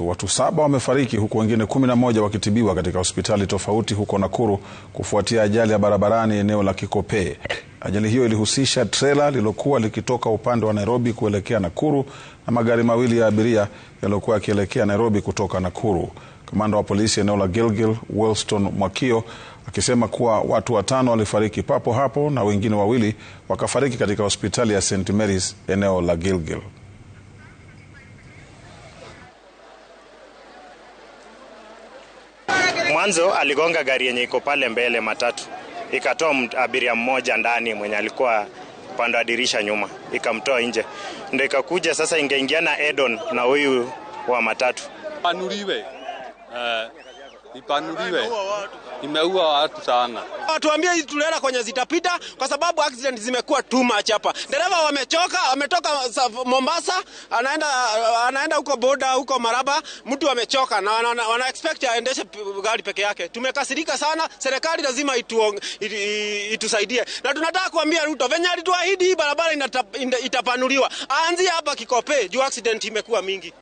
Watu saba wamefariki huku wengine kumi na moja wakitibiwa katika hospitali tofauti huko Nakuru kufuatia ajali ya barabarani eneo la Kikopee. Ajali hiyo ilihusisha trela lililokuwa likitoka upande wa Nairobi kuelekea Nakuru na magari mawili ya abiria yaliyokuwa yakielekea Nairobi kutoka Nakuru. Kamanda wa polisi eneo la Gilgil, wilston Mwakio, akisema kuwa watu watano walifariki papo hapo na wengine wawili wakafariki katika hospitali ya St Mary's eneo la Gilgil. Mwanzo aligonga gari yenye iko pale mbele, matatu, ikatoa abiria mmoja ndani mwenye alikuwa upande wa dirisha nyuma, ikamtoa nje, ndio ikakuja sasa, na Edon na huyu wa matatu anuliwe uh ipanuliwe, imeua watu sana. Watuambie hizi tulela kwenye zitapita, kwa sababu accident zimekuwa too much hapa. Dereva wamechoka, wametoka Mombasa, anaenda anaenda huko boda huko Maraba, mtu amechoka na wana, wana, wana expect aendeshe gari peke yake. Tumekasirika sana, serikali lazima itu, it, itusaidie, na tunataka kuambia Ruto venye alituahidi hii barabara itapanuliwa, aanzie hapa Kikope juu accident imekuwa mingi.